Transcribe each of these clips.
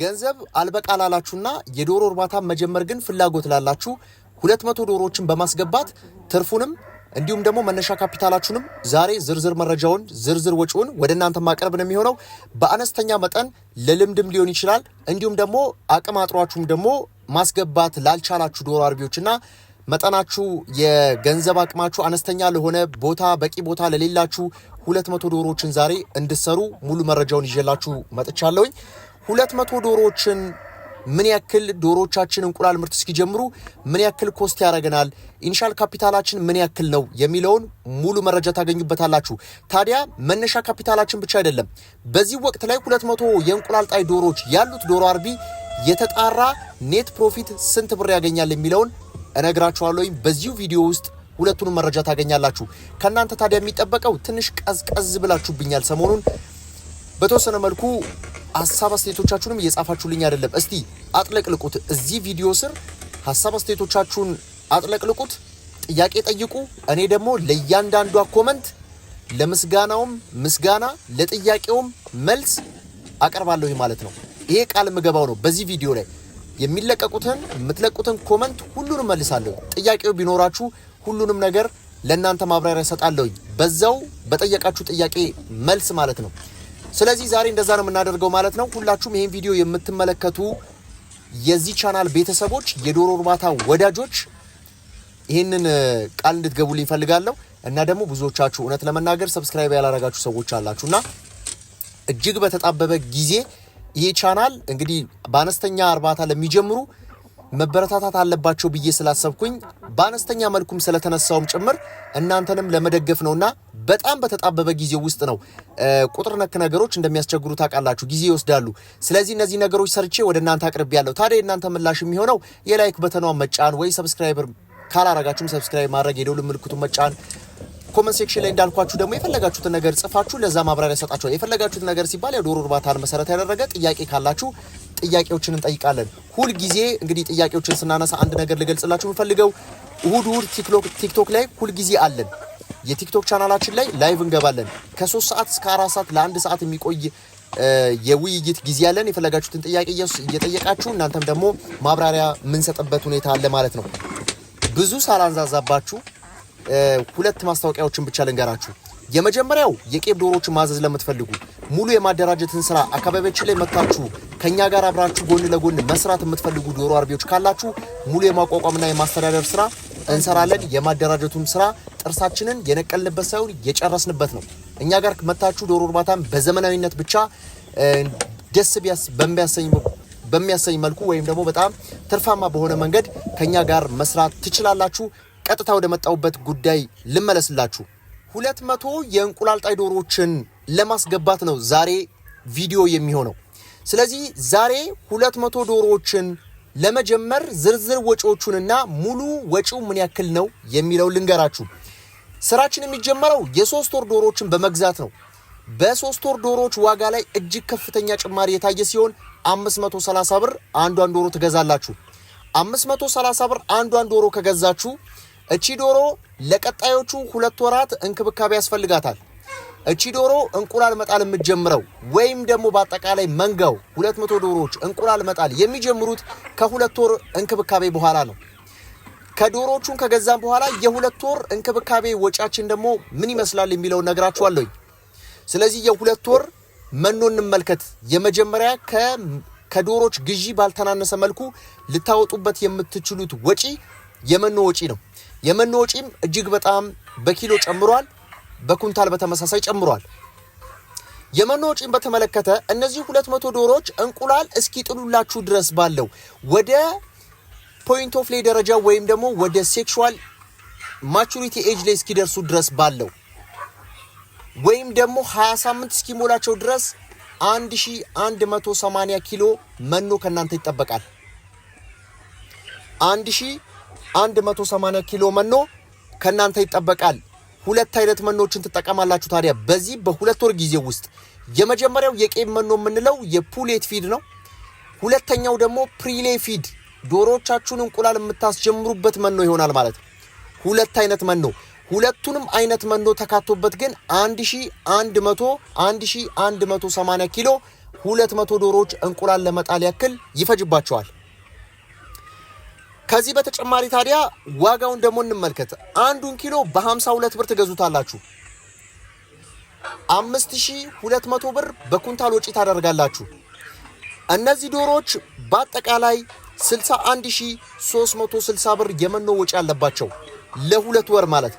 ገንዘብ አልበቃ ላላችሁና የዶሮ እርባታ መጀመር ግን ፍላጎት ላላችሁ ሁለት መቶ ዶሮዎችን በማስገባት ትርፉንም እንዲሁም ደግሞ መነሻ ካፒታላችሁንም ዛሬ ዝርዝር መረጃውን ዝርዝር ወጪውን ወደ እናንተ ማቅረብ ነው የሚሆነው። በአነስተኛ መጠን ለልምድም ሊሆን ይችላል። እንዲሁም ደግሞ አቅም አጥሯችሁም ደግሞ ማስገባት ላልቻላችሁ ዶሮ አርቢዎችና መጠናችሁ የገንዘብ አቅማችሁ አነስተኛ ለሆነ ቦታ በቂ ቦታ ለሌላችሁ ሁለት መቶ ዶሮዎችን ዛሬ እንድሰሩ ሙሉ መረጃውን ይዤላችሁ መጥቻለሁኝ። ሁለት መቶ ዶሮዎችን ምን ያክል ዶሮዎቻችን እንቁላል ምርት እስኪጀምሩ ምን ያክል ኮስት ያደርገናል፣ ኢንሻል ካፒታላችን ምን ያክል ነው የሚለውን ሙሉ መረጃ ታገኙበታላችሁ። ታዲያ መነሻ ካፒታላችን ብቻ አይደለም። በዚህ ወቅት ላይ ሁለት መቶ የእንቁላል ጣይ ዶሮዎች ያሉት ዶሮ አርቢ የተጣራ ኔት ፕሮፊት ስንት ብር ያገኛል የሚለውን እነግራችኋለሁ። በዚሁ ቪዲዮ ውስጥ ሁለቱንም መረጃ ታገኛላችሁ። ከእናንተ ታዲያ የሚጠበቀው ትንሽ ቀዝቀዝ ብላችሁብኛል ሰሞኑን በተወሰነ መልኩ ሀሳብ አስተያየቶቻችሁንም እየጻፋችሁልኝ አይደለም። እስቲ አጥለቅልቁት። እዚህ ቪዲዮ ስር ሀሳብ አስተያየቶቻችሁን አጥለቅልቁት፣ ጥያቄ ጠይቁ። እኔ ደግሞ ለእያንዳንዷ ኮመንት ለምስጋናውም ምስጋና ለጥያቄውም መልስ አቀርባለሁ ማለት ነው። ይሄ ቃል ምገባው ነው። በዚህ ቪዲዮ ላይ የሚለቀቁትን የምትለቁትን ኮመንት ሁሉንም መልሳለሁ። ጥያቄው ቢኖራችሁ ሁሉንም ነገር ለእናንተ ማብራሪያ እሰጣለሁኝ። በዛው በጠየቃችሁ ጥያቄ መልስ ማለት ነው። ስለዚህ ዛሬ እንደዛ ነው የምናደርገው ማለት ነው። ሁላችሁም ይህን ቪዲዮ የምትመለከቱ የዚህ ቻናል ቤተሰቦች፣ የዶሮ እርባታ ወዳጆች ይህንን ቃል እንድትገቡልኝ ፈልጋለሁ እና ደግሞ ብዙዎቻችሁ እውነት ለመናገር ሰብስክራይብ ያላረጋችሁ ሰዎች አላችሁ እና እጅግ በተጣበበ ጊዜ ይህ ቻናል እንግዲህ በአነስተኛ እርባታ ለሚጀምሩ መበረታታት አለባቸው ብዬ ስላሰብኩኝ በአነስተኛ መልኩም ስለተነሳውም ጭምር እናንተንም ለመደገፍ ነውና በጣም በተጣበበ ጊዜ ውስጥ ነው። ቁጥር ነክ ነገሮች እንደሚያስቸግሩ ታውቃላችሁ፣ ጊዜ ይወስዳሉ። ስለዚህ እነዚህ ነገሮች ሰርቼ ወደ እናንተ አቅርቤ ያለሁ። ታዲያ የእናንተ ምላሽ የሚሆነው የላይክ በተኗን መጫን ወይ ሰብስክራይበር ካላረጋችሁም ሰብስክራይብ ማድረግ የደውል ምልክቱን መጫን ኮመንት ሴክሽን ላይ እንዳልኳችሁ ደግሞ የፈለጋችሁትን ነገር ጽፋችሁ ለዛ ማብራሪያ ሰጣችኋል። የፈለጋችሁት ነገር ሲባል የዶሮ እርባታን መሰረት ያደረገ ጥያቄ ካላችሁ ጥያቄዎችን እንጠይቃለን። ሁልጊዜ እንግዲህ ጥያቄዎችን ስናነሳ አንድ ነገር ልገልጽላችሁ የምፈልገው እሁድ እሁድ ቲክቶክ ላይ ሁልጊዜ አለን። የቲክቶክ ቻናላችን ላይ ላይቭ እንገባለን። ከሶስት ሰዓት እስከ አራት ሰዓት ለአንድ ሰዓት የሚቆይ የውይይት ጊዜ ያለን የፈለጋችሁትን ጥያቄ እየጠየቃችሁ እናንተም ደግሞ ማብራሪያ የምንሰጥበት ሁኔታ አለ ማለት ነው። ብዙ ሳላንዛዛባችሁ ሁለት ማስታወቂያዎችን ብቻ ልንገራችሁ። የመጀመሪያው የቄብ ዶሮዎችን ማዘዝ ለምትፈልጉ ሙሉ የማደራጀትን ስራ አካባቢያችን ላይ መታችሁ ከኛ ጋር አብራችሁ ጎን ለጎን መስራት የምትፈልጉ ዶሮ አርቢዎች ካላችሁ ሙሉ የማቋቋምና የማስተዳደር ስራ እንሰራለን። የማደራጀቱም ስራ ጥርሳችንን የነቀልንበት ሳይሆን የጨረስንበት ነው። እኛ ጋር መታችሁ ዶሮ እርባታን በዘመናዊነት ብቻ ደስ ቢያስ በሚያሰኝ በሚያሰኝ መልኩ ወይም ደግሞ በጣም ትርፋማ በሆነ መንገድ ከኛ ጋር መስራት ትችላላችሁ። ቀጥታ ወደ መጣሁበት ጉዳይ ልመለስላችሁ። ሁለት መቶ የእንቁላልጣይ ዶሮዎችን ለማስገባት ነው ዛሬ ቪዲዮ የሚሆነው። ስለዚህ ዛሬ ሁለት መቶ ዶሮዎችን ለመጀመር ዝርዝር ወጪዎቹንና ሙሉ ወጪው ምን ያክል ነው የሚለው ልንገራችሁ። ስራችን የሚጀመረው የሶስት ወር ዶሮዎችን በመግዛት ነው። በሶስት ወር ዶሮዎች ዋጋ ላይ እጅግ ከፍተኛ ጭማሪ የታየ ሲሆን 530 ብር አንዷን ዶሮ ትገዛላችሁ። 530 ብር አንዷን ዶሮ ከገዛችሁ እቺ ዶሮ ለቀጣዮቹ ሁለት ወራት እንክብካቤ ያስፈልጋታል። እቺ ዶሮ እንቁላል መጣል የምትጀምረው ወይም ደግሞ በአጠቃላይ መንጋው 200 ዶሮዎች እንቁላል መጣል የሚጀምሩት ከሁለት ወር እንክብካቤ በኋላ ነው። ከዶሮዎቹን ከገዛን በኋላ የሁለት ወር እንክብካቤ ወጪያችን ደግሞ ምን ይመስላል የሚለውን ነግራችኋለሁ። ስለዚህ የሁለት ወር መኖ እንመልከት። የመጀመሪያ ከዶሮች ግዢ ባልተናነሰ መልኩ ልታወጡበት የምትችሉት ወጪ የመኖ ወጪ ነው። የመኖ ወጪም እጅግ በጣም በኪሎ ጨምሯል። በኩንታል በተመሳሳይ ጨምሯል። የመኖ ወጪን በተመለከተ እነዚህ 200 ዶሮዎች እንቁላል እስኪጥሉላችሁ ድረስ ባለው ወደ ፖይንት ኦፍ ላይ ደረጃ ወይም ደግሞ ወደ ሴክሹዋል ማቹሪቲ ኤጅ ላይ እስኪደርሱ ድረስ ባለው ወይም ደግሞ 20 ሳምንት እስኪሞላቸው ድረስ 1180 ኪሎ መኖ ከእናንተ ይጠበቃል። 1180 ኪሎ መኖ ከእናንተ ይጠበቃል። ሁለት አይነት መኖችን ትጠቀማላችሁ። ታዲያ በዚህ በሁለት ወር ጊዜ ውስጥ የመጀመሪያው የቄብ መኖ የምንለው የፑሌት ፊድ ነው። ሁለተኛው ደግሞ ፕሪሌ ፊድ፣ ዶሮቻችሁን እንቁላል የምታስጀምሩበት መኖ ይሆናል ማለት ነው። ሁለት አይነት መኖ ሁለቱንም አይነት መኖ ተካቶበት ግን 1100 1180 ኪሎ 200 ዶሮዎች እንቁላል ለመጣል ያክል ይፈጅባቸዋል። ከዚህ በተጨማሪ ታዲያ ዋጋውን ደግሞ እንመልከት። አንዱን ኪሎ በ52 ብር ትገዙታላችሁ። 5200 ብር በኩንታል ወጪ ታደርጋላችሁ። እነዚህ ዶሮዎች በአጠቃላይ 61360 ብር የመኖ ወጪ አለባቸው ለሁለት ወር ማለት።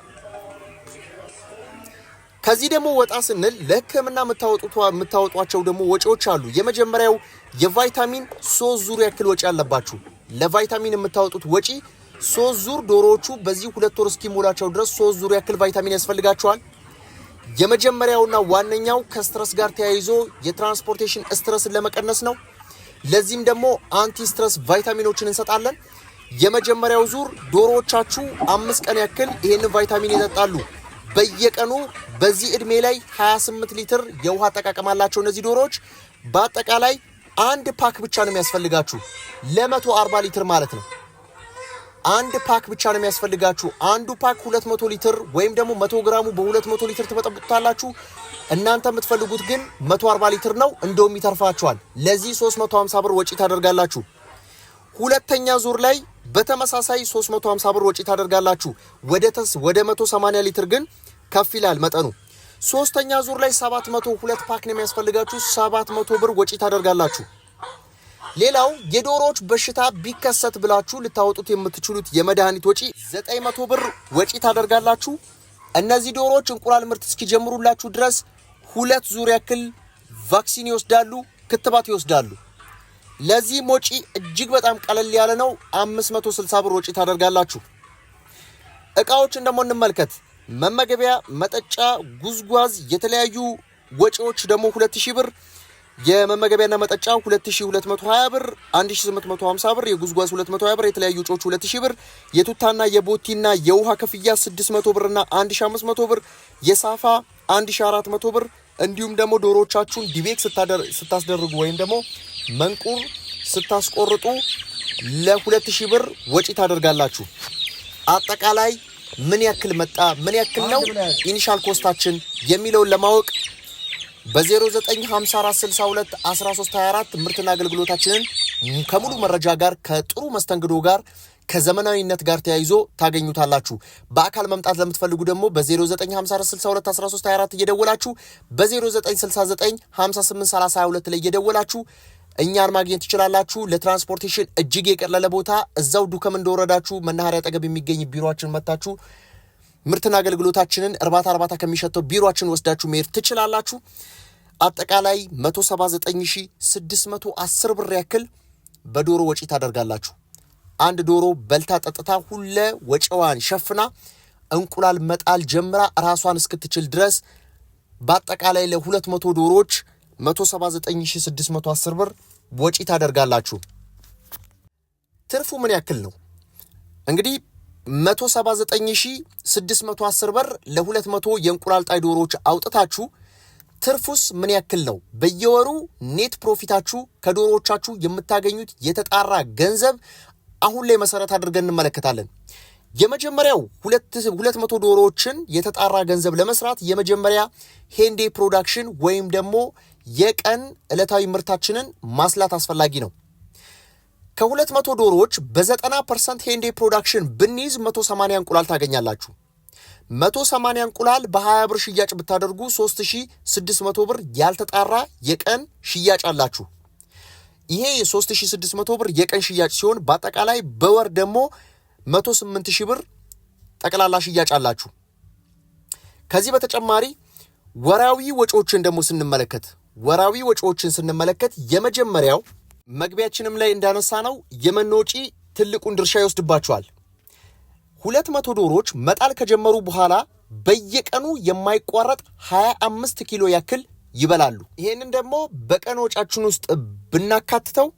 ከዚህ ደግሞ ወጣ ስንል ለሕክምና የምታወጧቸው ደግሞ ወጪዎች አሉ። የመጀመሪያው የቫይታሚን ሶስት ዙር ያክል ወጪ አለባችሁ። ለቫይታሚን የምታወጡት ወጪ ሶስት ዙር ዶሮዎቹ በዚህ ሁለት ወር እስኪሞላቸው ድረስ ሶስት ዙር ያክል ቫይታሚን ያስፈልጋቸዋል። የመጀመሪያውና ዋነኛው ከስትረስ ጋር ተያይዞ የትራንስፖርቴሽን ስትረስን ለመቀነስ ነው። ለዚህም ደግሞ አንቲ ስትረስ ቫይታሚኖችን እንሰጣለን። የመጀመሪያው ዙር ዶሮዎቻችሁ አምስት ቀን ያክል ይህንን ቫይታሚን ይጠጣሉ። በየቀኑ በዚህ እድሜ ላይ 28 ሊትር የውሃ አጠቃቀም አላቸው እነዚህ ዶሮዎች። በአጠቃላይ አንድ ፓክ ብቻ ነው የሚያስፈልጋችሁ። ለመቶ አርባ ሊትር ማለት ነው። አንድ ፓክ ብቻ ነው የሚያስፈልጋችሁ። አንዱ ፓክ 200 ሊትር ወይም ደግሞ 100 ግራሙ በ200 ሊትር ትመጠብጡታላችሁ። እናንተ የምትፈልጉት ግን 140 ሊትር ነው፣ እንደውም ይተርፋችኋል። ለዚህ 350 ብር ወጪ ታደርጋላችሁ። ሁለተኛ ዙር ላይ በተመሳሳይ 350 ብር ወጪ ታደርጋላችሁ። ወደ ተስ ወደ 180 ሊትር ግን ከፍ ይላል መጠኑ። ሶስተኛ ዙር ላይ 700 ሁለት ፓክ ነው የሚያስፈልጋችሁ። 700 ብር ወጪ ታደርጋላችሁ። ሌላው የዶሮዎች በሽታ ቢከሰት ብላችሁ ልታወጡት የምትችሉት የመድኃኒት ወጪ 900 ብር ወጪ ታደርጋላችሁ። እነዚህ ዶሮዎች እንቁላል ምርት እስኪጀምሩላችሁ ድረስ ሁለት ዙር ያክል ቫክሲን ይወስዳሉ፣ ክትባት ይወስዳሉ። ለዚህም ወጪ እጅግ በጣም ቀለል ያለ ነው። 560 ብር ወጪ ታደርጋላችሁ። እቃዎችን ደግሞ እንመልከት። መመገቢያ፣ መጠጫ፣ ጉዝጓዝ፣ የተለያዩ ወጪዎች ደግሞ 2000 ብር የመመገቢያና መጠጫ 2220 ብር፣ 1850 ብር፣ የጉዝጓዝ 220 ብር፣ የተለያዩ ጮች 2000 ብር፣ የቱታና የቦቲና የውሃ ክፍያ 600 ብርና 1500 ብር፣ የሳፋ 1400 ብር እንዲሁም ደግሞ ዶሮዎቻችሁን ዲቤክ ስታስደርጉ ወይም ደግሞ መንቁር ስታስቆርጡ ለ2000 ብር ወጪ ታደርጋላችሁ። አጠቃላይ ምን ያክል መጣ ምን ያክል ነው ኢኒሻል ኮስታችን የሚለውን ለማወቅ በ0954621324 ምርትና አገልግሎታችንን ከሙሉ መረጃ ጋር ከጥሩ መስተንግዶ ጋር ከዘመናዊነት ጋር ተያይዞ ታገኙታላችሁ። በአካል መምጣት ለምትፈልጉ ደግሞ በ0954621324 እየደወላችሁ በ0969583022 ላይ እየደወላችሁ እኛን ማግኘት ትችላላችሁ። ለትራንስፖርቴሽን እጅግ የቀለለ ቦታ እዛው ዱከም እንደወረዳችሁ መናኸሪያ አጠገብ የሚገኝ ቢሮችን መታችሁ ምርትና አገልግሎታችንን እርባታ እርባታ ከሚሸተው ቢሮችን ወስዳችሁ መሄድ ትችላላችሁ። አጠቃላይ 179610 ብር ያክል በዶሮ ወጪ ታደርጋላችሁ። አንድ ዶሮ በልታ ጠጥታ ሁለ ወጪዋን ሸፍና እንቁላል መጣል ጀምራ ራሷን እስክትችል ድረስ በአጠቃላይ ለ200 ዶሮዎች 179610 ብር ወጪ ታደርጋላችሁ። ትርፉ ምን ያክል ነው እንግዲህ 179610 ብር ለ200 የእንቁላል ጣይ ዶሮዎች አውጥታችሁ ትርፉስ ምን ያክል ነው? በየወሩ ኔት ፕሮፊታችሁ ከዶሮዎቻችሁ የምታገኙት የተጣራ ገንዘብ አሁን ላይ መሰረት አድርገን እንመለከታለን። የመጀመሪያው 200 ዶሮዎችን የተጣራ ገንዘብ ለመስራት የመጀመሪያ ሄንዴ ፕሮዳክሽን ወይም ደግሞ የቀን ዕለታዊ ምርታችንን ማስላት አስፈላጊ ነው። ከ200 ዶሮዎች በ90% ሄንዴ ፕሮዳክሽን ብንይዝ 180 እንቁላል ታገኛላችሁ። 180 እንቁላል በ20 ብር ሽያጭ ብታደርጉ 3600 ብር ያልተጣራ የቀን ሽያጭ አላችሁ። ይሄ የ3600 ብር የቀን ሽያጭ ሲሆን በአጠቃላይ በወር ደግሞ 108000 ብር ጠቅላላ ሽያጭ አላችሁ። ከዚህ በተጨማሪ ወራዊ ወጪዎችን ደግሞ ስንመለከት ወራዊ ወጪዎችን ስንመለከት የመጀመሪያው መግቢያችንም ላይ እንዳነሳ ነው የመኖ ወጪ ትልቁን ድርሻ ይወስድባቸዋል። ሁለት መቶ ዶሮዎች መጣል ከጀመሩ በኋላ በየቀኑ የማይቋረጥ 25 ኪሎ ያክል ይበላሉ። ይህንን ደግሞ በቀን ወጫችን ውስጥ ብናካትተው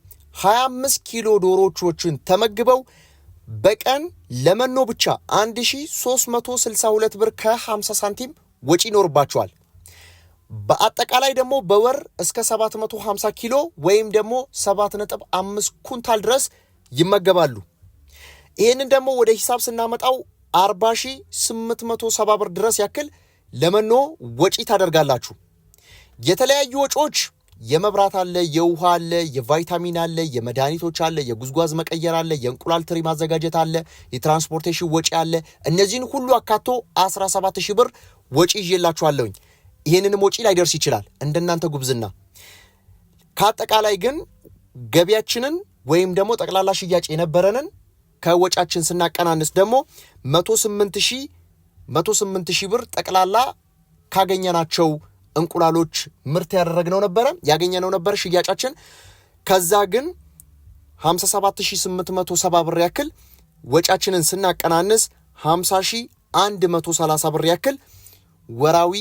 25 ኪሎ ዶሮዎችን ተመግበው በቀን ለመኖ ብቻ 1362 ብር ከ50 ሳንቲም ወጪ ይኖርባቸዋል። በአጠቃላይ ደግሞ በወር እስከ 750 ኪሎ ወይም ደግሞ 7.5 ኩንታል ድረስ ይመገባሉ። ይህንን ደግሞ ወደ ሂሳብ ስናመጣው 40870 ብር ድረስ ያክል ለመኖ ወጪ ታደርጋላችሁ። የተለያዩ ወጪዎች የመብራት አለ፣ የውሃ አለ፣ የቫይታሚን አለ፣ የመድኃኒቶች አለ፣ የጉዝጓዝ መቀየር አለ፣ የእንቁላል ትሪ ማዘጋጀት አለ፣ የትራንስፖርቴሽን ወጪ አለ። እነዚህን ሁሉ አካቶ 1ራ7ሺህ ብር ወጪ ይዤላችኋለሁኝ። ይህንንም ወጪ ላይደርስ ይችላል እንደናንተ ጉብዝና። ከአጠቃላይ ግን ገቢያችንን ወይም ደግሞ ጠቅላላ ሽያጭ የነበረንን ከወጫችን ስናቀናንስ ደግሞ መቶ ስምንት ሺህ መቶ ስምንት ሺህ ብር ጠቅላላ ካገኘናቸው እንቁላሎች ምርት ያደረግነው ነበረ ያገኘነው ነበር ሽያጫችን። ከዛ ግን 57870 ብር ያክል ወጫችንን ስናቀናንስ 50130 ብር ያክል ወራዊ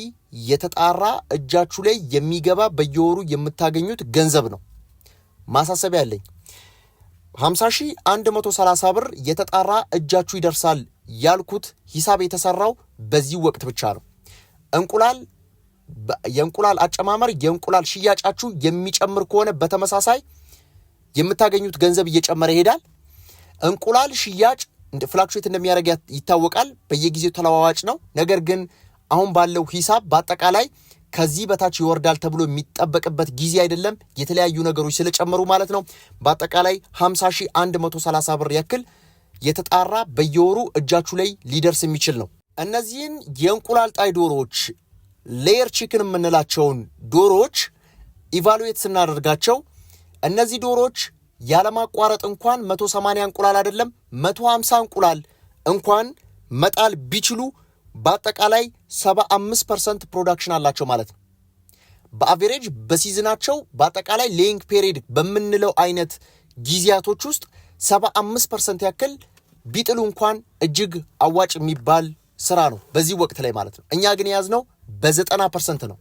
የተጣራ እጃችሁ ላይ የሚገባ በየወሩ የምታገኙት ገንዘብ ነው። ማሳሰቢያ አለኝ። 50130 ብር የተጣራ እጃችሁ ይደርሳል ያልኩት ሂሳብ የተሰራው በዚህ ወቅት ብቻ ነው። እንቁላል የእንቁላል አጨማመር የእንቁላል ሽያጫችሁ የሚጨምር ከሆነ በተመሳሳይ የምታገኙት ገንዘብ እየጨመረ ይሄዳል። እንቁላል ሽያጭ ፍላክቹዌት እንደሚያደርግ ይታወቃል። በየጊዜው ተለዋዋጭ ነው። ነገር ግን አሁን ባለው ሂሳብ በአጠቃላይ ከዚህ በታች ይወርዳል ተብሎ የሚጠበቅበት ጊዜ አይደለም፣ የተለያዩ ነገሮች ስለጨመሩ ማለት ነው። በአጠቃላይ 50130 ብር ያክል የተጣራ በየወሩ እጃችሁ ላይ ሊደርስ የሚችል ነው። እነዚህን የእንቁላል ጣይ ዶሮዎች ሌየር ቺክን የምንላቸውን ዶሮዎች ኢቫሉዌት ስናደርጋቸው እነዚህ ዶሮዎች ያለማቋረጥ እንኳን 180 እንቁላል አይደለም 150 እንቁላል እንኳን መጣል ቢችሉ በአጠቃላይ 75 ፐርሰንት ፕሮዳክሽን አላቸው ማለት ነው። በአቬሬጅ በሲዝናቸው በአጠቃላይ ሌይንግ ፔሪድ በምንለው አይነት ጊዜያቶች ውስጥ 75 ፐርሰንት ያክል ቢጥሉ እንኳን እጅግ አዋጭ የሚባል ስራ ነው በዚህ ወቅት ላይ ማለት ነው። እኛ ግን የያዝነው በዘጠና ፐርሰንት ነው።